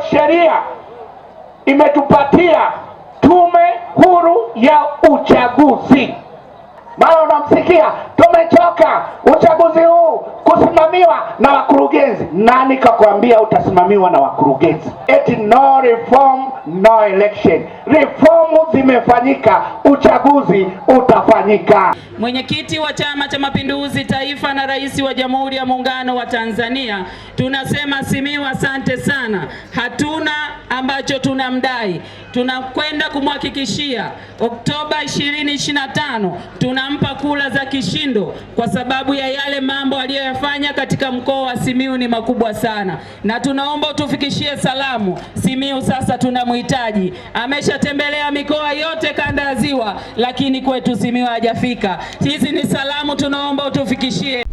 sheria imetupatia tume huru ya uchaguzi. Mara unamsikia tumechoka Utasimamiwa na wakurugenzi. Nani kakwambia utasimamiwa na wakurugenzi? Eti no reform no election. Reformu zimefanyika, uchaguzi utafanyika. Mwenyekiti wa Chama cha Mapinduzi Taifa na Rais wa Jamhuri ya Muungano wa Tanzania, tunasema Simiyu, asante sana. Hatuna ambacho tunamdai. Tunakwenda kumhakikishia Oktoba 2025 tunampa kula za kishindo, kwa sababu ya yale mambo aliyoyafanya katika mkoa wa Simiu ni makubwa sana, na tunaomba utufikishie salamu. Simiu sasa tunamhitaji, ameshatembelea mikoa yote kanda ya Ziwa, lakini kwetu Simiu hajafika. Hizi ni salamu tunaomba utufikishie.